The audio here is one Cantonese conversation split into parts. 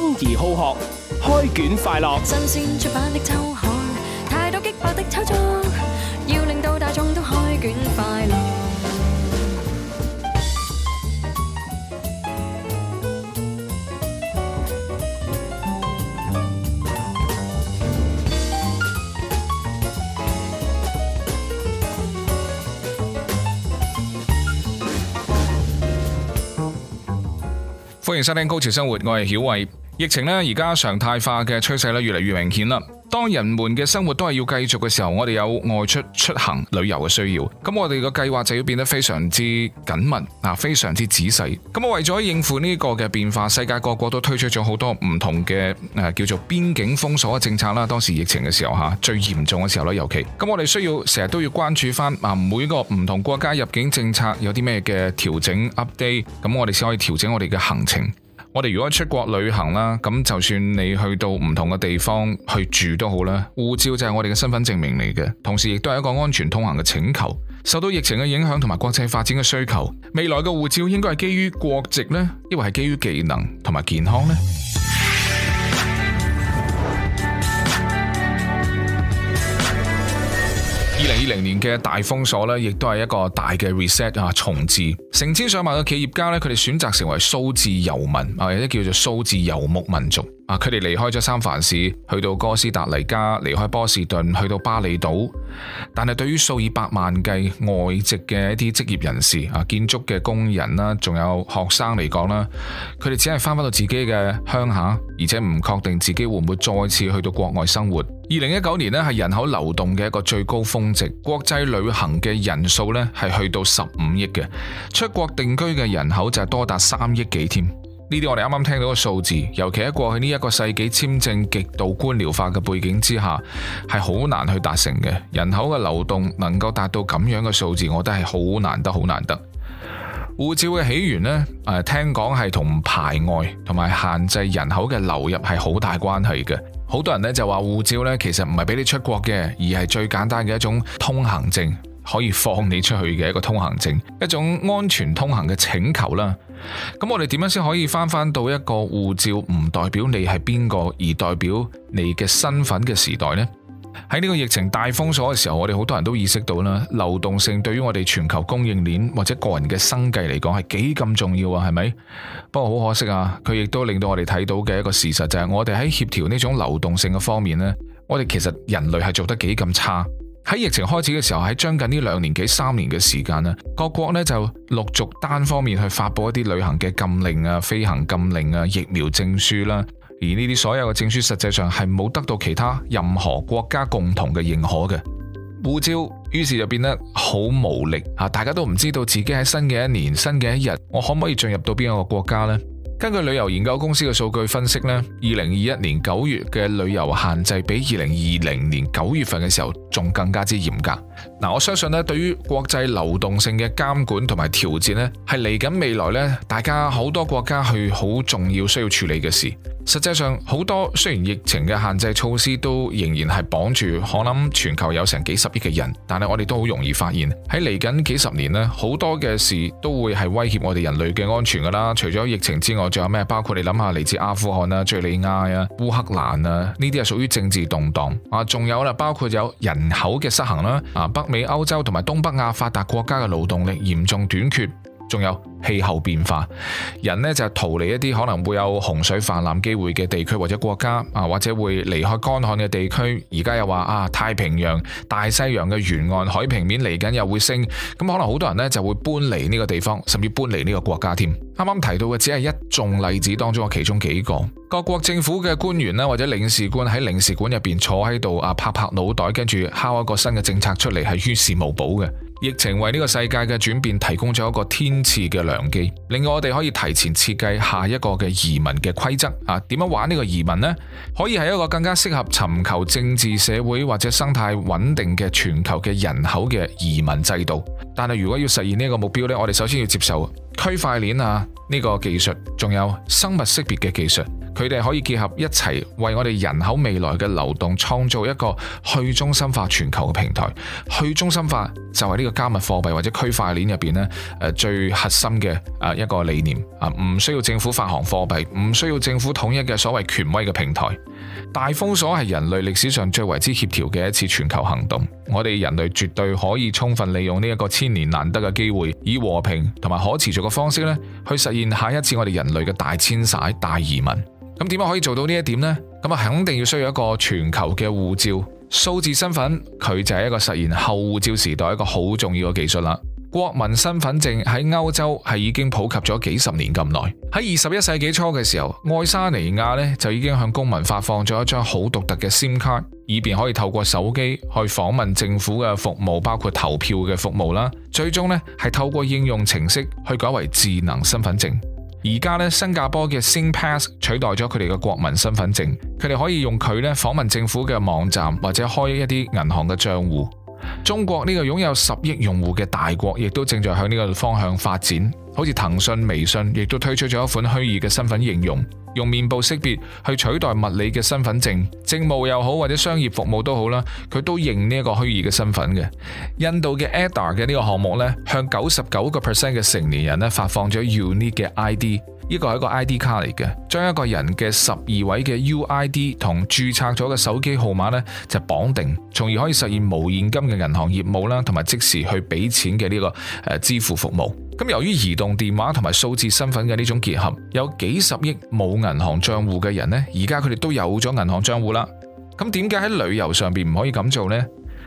生而好學，開卷快樂。新鮮出版的周刊，太多激烈的炒作，要令到大眾都開卷快樂。歡迎收聽高潮生活，我係曉慧。疫情呢，而家常態化嘅趨勢咧，越嚟越明顯啦。當人們嘅生活都係要繼續嘅時候，我哋有外出出行旅遊嘅需要，咁我哋嘅計劃就要變得非常之緊密啊，非常之仔細。咁我為咗應付呢個嘅變化，世界各國都推出咗好多唔同嘅誒，叫做邊境封鎖嘅政策啦。當時疫情嘅時候吓最嚴重嘅時候咧，尤其咁我哋需要成日都要關注翻，啊每個唔同國家入境政策有啲咩嘅調整 update，咁我哋先可以調整我哋嘅行程。我哋如果出國旅行啦，咁就算你去到唔同嘅地方去住都好啦，護照就係我哋嘅身份證明嚟嘅，同時亦都係一個安全通行嘅請求。受到疫情嘅影響同埋國際發展嘅需求，未來嘅護照應該係基於國籍呢，抑或係基於技能同埋健康呢？二零二零年嘅大封鎖咧，亦都係一個大嘅 reset 啊，重置。成千上萬嘅企業家咧，佢哋選擇成為數字遊民啊，或者叫做數字遊牧民族。啊！佢哋離開咗三藩市，去到哥斯達黎加，離開波士頓，去到巴厘島。但係對於數以百萬計外籍嘅一啲職業人士、啊建築嘅工人啦，仲有學生嚟講啦，佢哋只係翻返到自己嘅鄉下，而且唔確定自己會唔會再次去到國外生活。二零一九年呢，係人口流動嘅一個最高峰值，國際旅行嘅人數呢，係去到十五億嘅，出國定居嘅人口就係多達三億幾添。呢啲我哋啱啱聽到嘅數字，尤其喺過去呢一個世紀簽證極度官僚化嘅背景之下，係好難去達成嘅人口嘅流動能夠達到咁樣嘅數字，我覺得係好難得好難得。護照嘅起源咧，誒、呃，聽講係同排外同埋限制人口嘅流入係好大關係嘅。好多人咧，就話護照咧，其實唔係俾你出國嘅，而係最簡單嘅一種通行證。可以放你出去嘅一個通行證，一種安全通行嘅請求啦。咁我哋點樣先可以翻翻到一個護照唔代表你係邊個，而代表你嘅身份嘅時代呢？喺呢個疫情大封鎖嘅時候，我哋好多人都意識到啦，流動性對於我哋全球供應鏈或者個人嘅生計嚟講係幾咁重要啊？係咪？不過好可惜啊，佢亦都令到我哋睇到嘅一個事實就係，我哋喺協調呢種流動性嘅方面呢，我哋其實人類係做得幾咁差。喺疫情開始嘅時候，喺將近呢兩年幾三年嘅時間啦，各國呢就陸續單方面去發布一啲旅行嘅禁令啊、飛行禁令啊、疫苗證書啦。而呢啲所有嘅證書實際上係冇得到其他任何國家共同嘅認可嘅護照，於是就變得好無力啊！大家都唔知道自己喺新嘅一年、新嘅一日，我可唔可以進入到邊一個國家呢？根據旅遊研究公司嘅數據分析呢，二零二一年九月嘅旅遊限制比二零二零年九月份嘅時候。仲更加之嚴格嗱，我相信咧，對於國際流動性嘅監管同埋調節咧，係嚟緊未來咧，大家好多國家去好重要需要處理嘅事。實際上好多雖然疫情嘅限制措施都仍然係綁住，我諗全球有成幾十億嘅人，但係我哋都好容易發現喺嚟緊幾十年咧，好多嘅事都會係威脅我哋人類嘅安全㗎啦。除咗疫情之外，仲有咩？包括你諗下嚟自阿富汗啊、敘利亞啊、烏克蘭啊，呢啲係屬於政治動盪啊。仲有啦，包括有人。人口嘅失衡啦，啊，北美、歐洲同埋東北亞發達國家嘅勞動力嚴重短缺。仲有氣候變化，人呢就係逃離一啲可能會有洪水泛濫機會嘅地區或者國家啊，或者會離開乾旱嘅地區。而家又話啊，太平洋、大西洋嘅沿岸海平面嚟緊又會升，咁可能好多人呢就會搬離呢個地方，甚至搬離呢個國家添。啱啱提到嘅只係一眾例子當中嘅其中幾個，各國政府嘅官員呢，或者領事官喺領事館入邊坐喺度啊，拍拍腦袋，跟住敲一個新嘅政策出嚟係於事無補嘅。疫情為呢個世界嘅轉變提供咗一個天賜嘅良機。另外，我哋可以提前設計下一個嘅移民嘅規則啊！點樣玩呢個移民呢？可以係一個更加適合尋求政治、社會或者生態穩定嘅全球嘅人口嘅移民制度。但係如果要實現呢個目標呢，我哋首先要接受區塊鏈啊，呢個技術，仲有生物識別嘅技術，佢哋可以結合一齊，為我哋人口未來嘅流動創造一個去中心化全球嘅平台。去中心化就係呢個加密貨幣或者區塊鏈入邊咧，誒最核心嘅誒一個理念啊，唔需要政府發行貨幣，唔需要政府統一嘅所謂權威嘅平台。大封鎖係人類歷史上最為之協調嘅一次全球行動，我哋人類絕對可以充分利用呢一個千年難得嘅機會，以和平同埋可持續。個方式咧，去實現下一次我哋人類嘅大遷徙、大移民。咁點樣可以做到呢一點呢？咁啊，肯定要需要一個全球嘅護照、數字身份，佢就係一個實現後護照時代一個好重要嘅技術啦。國民身份證喺歐洲係已經普及咗幾十年咁耐。喺二十一世紀初嘅時候，愛沙尼亞呢就已經向公民發放咗一張好獨特嘅 SIM 卡，以便可以透過手機去訪問政府嘅服務，包括投票嘅服務啦。最終呢係透過應用程式去改為智能身份證。而家呢，新加坡嘅 SingPass 取代咗佢哋嘅國民身份證，佢哋可以用佢呢訪問政府嘅網站或者開一啲銀行嘅賬戶。中國呢個擁有十億用戶嘅大國，亦都正在向呢個方向發展。好似騰訊、微信，亦都推出咗一款虛擬嘅身份應用，用面部識別去取代物理嘅身份證。政務又好，或者商業服務都好啦，佢都認呢一個虛擬嘅身份嘅。印度嘅 Aadhaar 嘅呢個項目呢，向九十九個 percent 嘅成年人呢，發放咗 Unique 嘅 ID。呢個係一個 ID 卡嚟嘅，將一個人嘅十二位嘅 UID 同註冊咗嘅手機號碼呢就綁定，從而可以實現無現金嘅銀行業務啦，同埋即時去俾錢嘅呢個支付服務。咁由於移動電話同埋數字身份嘅呢種結合，有幾十億冇銀，銀行賬戶嘅人呢，而家佢哋都有咗銀行賬戶啦。咁點解喺旅遊上邊唔可以咁做呢？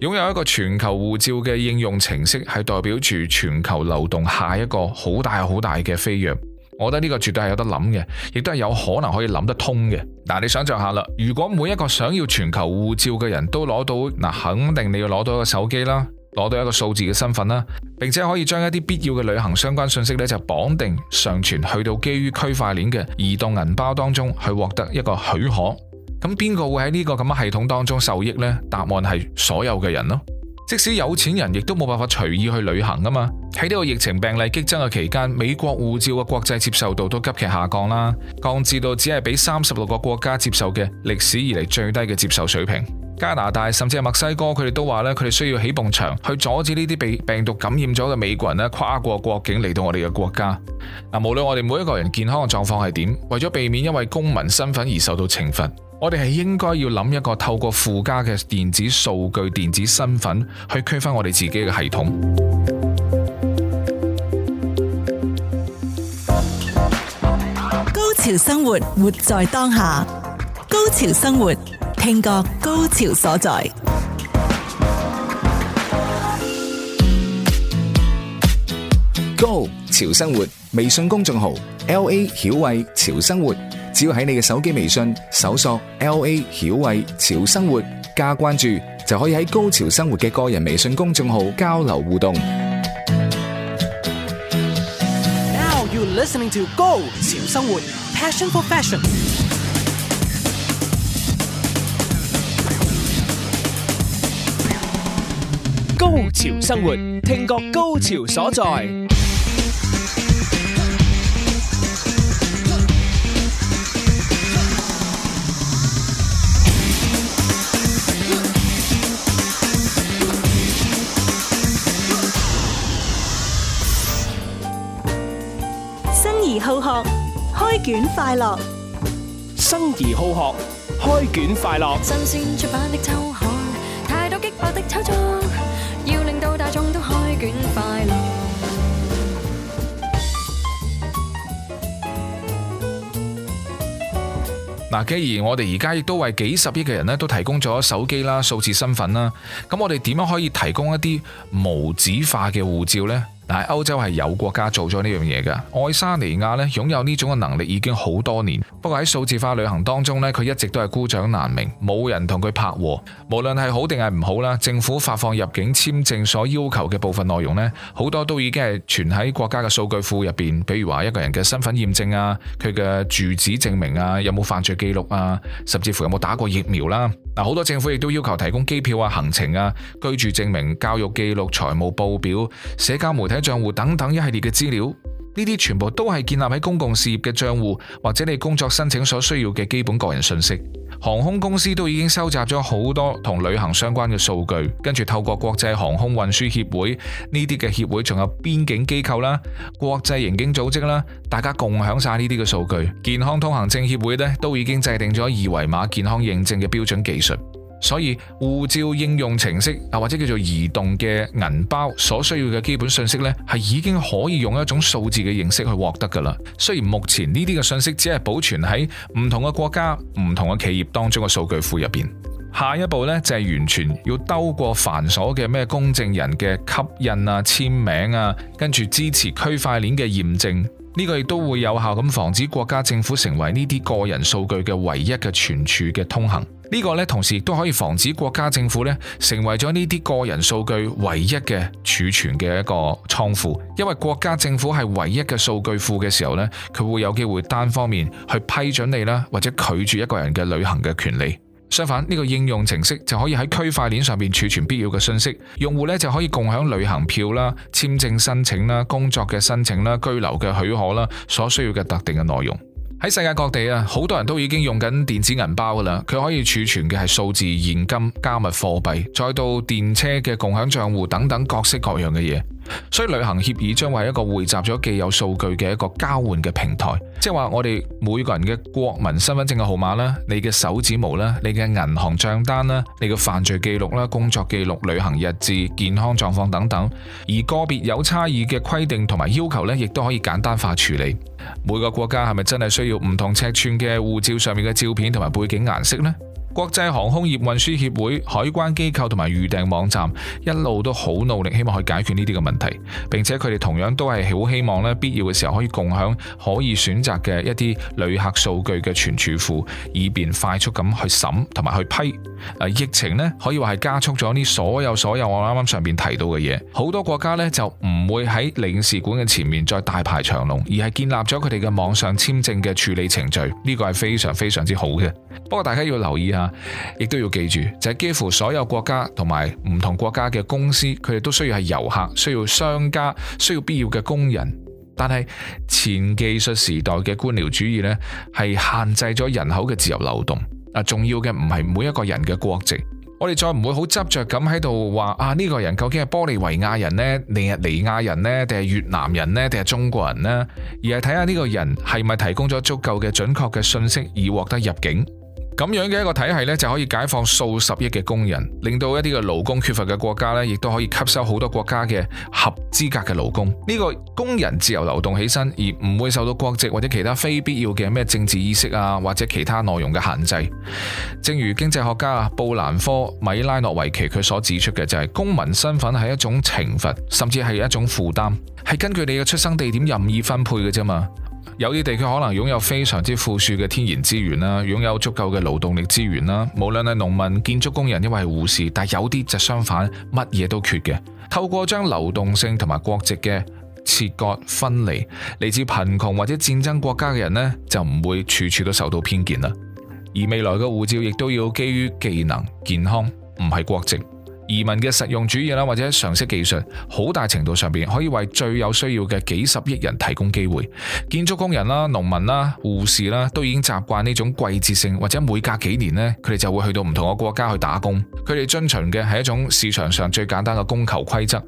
擁有一個全球護照嘅應用程式係代表住全球流動下一個好大好大嘅飛躍。我覺得呢個絕對係有得諗嘅，亦都係有可能可以諗得通嘅。嗱，你想象下啦，如果每一個想要全球護照嘅人都攞到嗱，肯定你要攞到一個手機啦，攞到一個數字嘅身份啦，並且可以將一啲必要嘅旅行相關信息咧就綁定上傳去到基於區塊鏈嘅移動銀包當中去獲得一個許可。咁邊個會喺呢個咁嘅系統當中受益呢？答案係所有嘅人咯。即使有錢人亦都冇辦法隨意去旅行噶嘛，喺呢個疫情病例激增嘅期間，美國護照嘅國際接受度都急劇下降啦，降至到只係俾三十六個國家接受嘅歷史以嚟最低嘅接受水平。加拿大甚至係墨西哥，佢哋都話咧，佢哋需要起幅牆去阻止呢啲被病毒感染咗嘅美國人咧跨過國境嚟到我哋嘅國家。嗱，無論我哋每一個人健康嘅狀況係點，為咗避免因為公民身份而受到懲罰。我哋係應該要諗一個透過附加嘅電子數據、電子身份去區分我哋自己嘅系統。高潮生活，活在當下。高潮生活，聽過高潮所在。Go！潮生活微信公眾號：L A 曉慧潮生活。只要喺你嘅手機微信搜索 L A 曉慧潮生活加關注，就可以喺高潮生活嘅個人微信公眾號交流互動。Now you're listening to 高潮生活，Passion for fashion。高潮生活，聽覺高潮所在。好學，開卷快樂。生而好學，開卷快樂。新鮮出版的周刊，太多激爆的炒作，要令到大眾都開卷快樂。嗱，既然我哋而家亦都為幾十億嘅人呢都提供咗手機啦、數字身份啦，咁我哋點樣可以提供一啲無紙化嘅護照呢？但係歐洲係有國家做咗呢樣嘢嘅，愛沙尼亞咧擁有呢種嘅能力已經好多年。不過喺數字化旅行當中咧，佢一直都係孤掌難鳴，冇人同佢拍和。無論係好定係唔好啦，政府發放入境簽證所要求嘅部分內容呢，好多都已經係存喺國家嘅數據庫入邊。比如話一個人嘅身份驗證啊，佢嘅住址證明啊，有冇犯罪記錄啊，甚至乎有冇打過疫苗啦。嗱，好多政府亦都要求提供機票啊、行程啊、居住證明、教育記錄、財務報表、社交媒體。喺賬戶等等一系列嘅資料，呢啲全部都係建立喺公共事業嘅賬戶，或者你工作申請所需要嘅基本個人信息。航空公司都已經收集咗好多同旅行相關嘅數據，跟住透過國際航空運輸協會呢啲嘅協會，仲有邊境機構啦、國際刑警組織啦，大家共享晒呢啲嘅數據。健康通行證協會呢，都已經製定咗二維碼健康認證嘅標準技術。所以護照應用程式啊，或者叫做移動嘅銀包，所需要嘅基本信息呢係已經可以用一種數字嘅形式去獲得噶啦。雖然目前呢啲嘅信息只係保存喺唔同嘅國家、唔同嘅企業當中嘅數據庫入邊。下一步呢，就係、是、完全要兜過繁瑣嘅咩公證人嘅吸印啊、簽名啊，跟住支持區塊鏈嘅驗證。呢個亦都會有效咁防止國家政府成為呢啲個人數據嘅唯一嘅存儲嘅通行。呢個呢，同時亦都可以防止國家政府呢成為咗呢啲個人數據唯一嘅儲存嘅一個倉庫。因為國家政府係唯一嘅數據庫嘅時候呢，佢會有機會單方面去批准你啦，或者拒絕一個人嘅旅行嘅權利。相反，呢個應用程式就可以喺區塊鏈上面儲存必要嘅信息，用戶咧就可以共享旅行票啦、簽證申請啦、工作嘅申請啦、居留嘅許可啦，所需要嘅特定嘅內容。喺世界各地啊，好多人都已經用緊電子銀包噶啦，佢可以儲存嘅係數字現金、加密貨幣，再到電車嘅共享賬戶等等各式各樣嘅嘢。所以旅行協議將會係一個匯集咗既有數據嘅一個交換嘅平台，即係話我哋每個人嘅國民身份證嘅號碼啦，你嘅手指模啦，你嘅銀行賬單啦，你嘅犯罪記錄啦，工作記錄、旅行日誌、健康狀況等等，而個別有差異嘅規定同埋要求咧，亦都可以簡單化處理。每個國家係咪真係需要唔同尺寸嘅護照上面嘅照片同埋背景顏色呢？國際航空業運輸協會、海關機構同埋預訂網站一路都好努力，希望去解決呢啲嘅問題，並且佢哋同樣都係好希望呢，必要嘅時候可以共享、可以選擇嘅一啲旅客數據嘅存儲庫，以便快速咁去審同埋去批。疫情咧可以話係加速咗呢所有所有我啱啱上邊提到嘅嘢，好多國家呢就唔會喺領事館嘅前面再大排長龍，而係建立咗佢哋嘅網上簽證嘅處理程序，呢個係非常非常之好嘅。不過大家要留意下，亦都要記住，就係幾乎所有國家同埋唔同國家嘅公司，佢哋都需要係遊客、需要商家、需要必要嘅工人。但係前技術時代嘅官僚主義呢，係限制咗人口嘅自由流動。啊！重要嘅唔係每一個人嘅國籍，我哋再唔會好執着咁喺度話啊呢個人究竟係玻利維亞人呢？尼日尼亞人呢？定係越南人呢？定係中國人呢？而係睇下呢個人係咪提供咗足夠嘅準確嘅信息以獲得入境。咁樣嘅一個體系呢，就可以解放數十億嘅工人，令到一啲嘅勞工缺乏嘅國家呢，亦都可以吸收好多國家嘅合資格嘅勞工。呢、這個工人自由流動起身，而唔會受到國籍或者其他非必要嘅咩政治意識啊，或者其他內容嘅限制。正如經濟學家布蘭科·米拉諾維奇佢所指出嘅，就是，就係公民身份係一種懲罰，甚至係一種負擔，係根據你嘅出生地點任意分配嘅啫嘛。有啲地區可能擁有非常之富庶嘅天然資源啦，擁有足夠嘅勞動力資源啦。無論係農民、建築工人，抑或係護士，但有啲就相反，乜嘢都缺嘅。透過將流動性同埋國籍嘅切割分離，嚟自貧窮或者戰爭國家嘅人呢，就唔會處處都受到偏見啦。而未來嘅護照亦都要基於技能、健康，唔係國籍。移民嘅實用主義啦，或者常識技術，好大程度上邊可以為最有需要嘅幾十億人提供機會。建築工人啦、農民啦、護士啦，都已經習慣呢種季節性或者每隔幾年咧，佢哋就會去到唔同嘅國家去打工。佢哋遵循嘅係一種市場上最簡單嘅供求規則。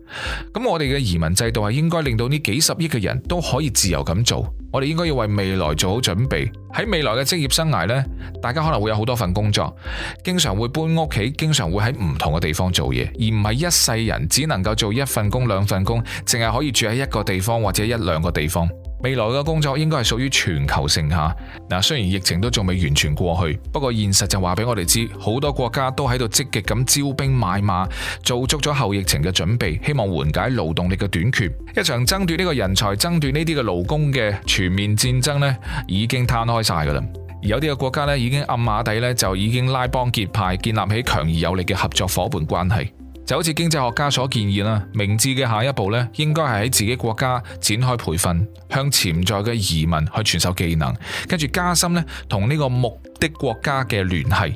咁我哋嘅移民制度係應該令到呢幾十億嘅人都可以自由咁做。我哋應該要為未來做好準備。喺未來嘅職業生涯呢，大家可能會有好多份工作，經常會搬屋企，經常會喺唔同嘅地方做嘢，而唔係一世人只能夠做一份工、兩份工，淨係可以住喺一個地方或者一兩個地方。未來嘅工作應該係屬於全球性吓。嗱，雖然疫情都仲未完全過去，不過現實就話俾我哋知，好多國家都喺度積極咁招兵買馬，做足咗後疫情嘅準備，希望緩解勞動力嘅短缺。一場爭奪呢個人才、爭奪呢啲嘅勞工嘅全面戰爭呢，已經攤開晒㗎喇。而有啲嘅國家呢，已經暗馬底呢，就已經拉幫結派，建立起強而有力嘅合作夥伴關係。就好似經濟學家所建議啦，明智嘅下一步呢，應該係喺自己國家展開培訓，向潛在嘅移民去傳授技能，跟住加深呢，同呢個目的國家嘅聯繫。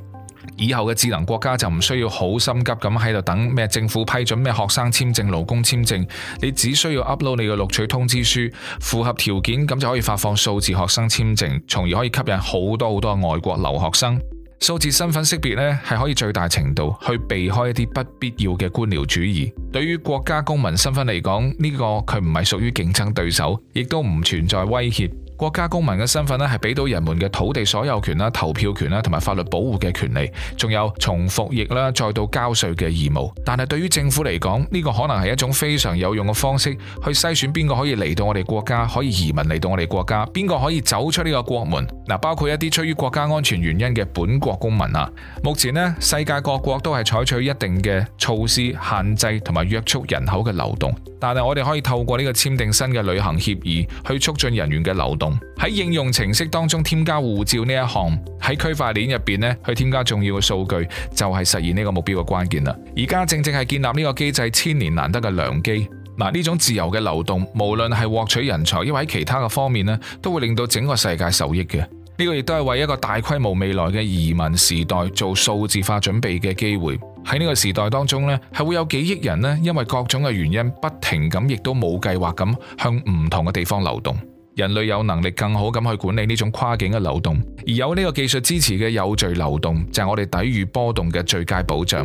以後嘅智能國家就唔需要好心急咁喺度等咩政府批准咩學生簽證、勞工簽證，你只需要 upload 你嘅錄取通知書，符合條件咁就可以發放數字學生簽證，從而可以吸引好多好多好多外國留學生。數字身份識別咧，係可以最大程度去避開一啲不必要嘅官僚主義。對於國家公民身份嚟講，呢個佢唔係屬於競爭對手，亦都唔存在威脅。國家公民嘅身份咧，係俾到人們嘅土地所有權啦、投票權啦，同埋法律保護嘅權利，仲有從服役啦，再到交稅嘅義務。但係對於政府嚟講，呢個可能係一種非常有用嘅方式，去篩選邊個可以嚟到我哋國家，可以移民嚟到我哋國家，邊個可以走出呢個國門。嗱，包括一啲出於國家安全原因嘅本國公民啊。目前呢，世界各國都係採取一定嘅措施，限制同埋約束人口嘅流動。但係我哋可以透過呢個簽訂新嘅旅行協議，去促進人員嘅流動。喺應用程式當中添加護照呢一項，喺區塊鏈入邊呢，去添加重要嘅數據，就係、是、實現呢個目標嘅關鍵啦。而家正正係建立呢個機制千年難得嘅良機。嗱、啊，呢種自由嘅流動，無論係獲取人才，因為喺其他嘅方面呢，都會令到整個世界受益嘅。呢、這個亦都係為一個大規模未來嘅移民時代做數字化準備嘅機會。喺呢個時代當中呢，係會有幾億人呢，因為各種嘅原因，不停咁亦都冇計劃咁向唔同嘅地方流動。人類有能力更好咁去管理呢種跨境嘅流動，而有呢個技術支持嘅有序流動，就係我哋抵禦波動嘅最佳保障。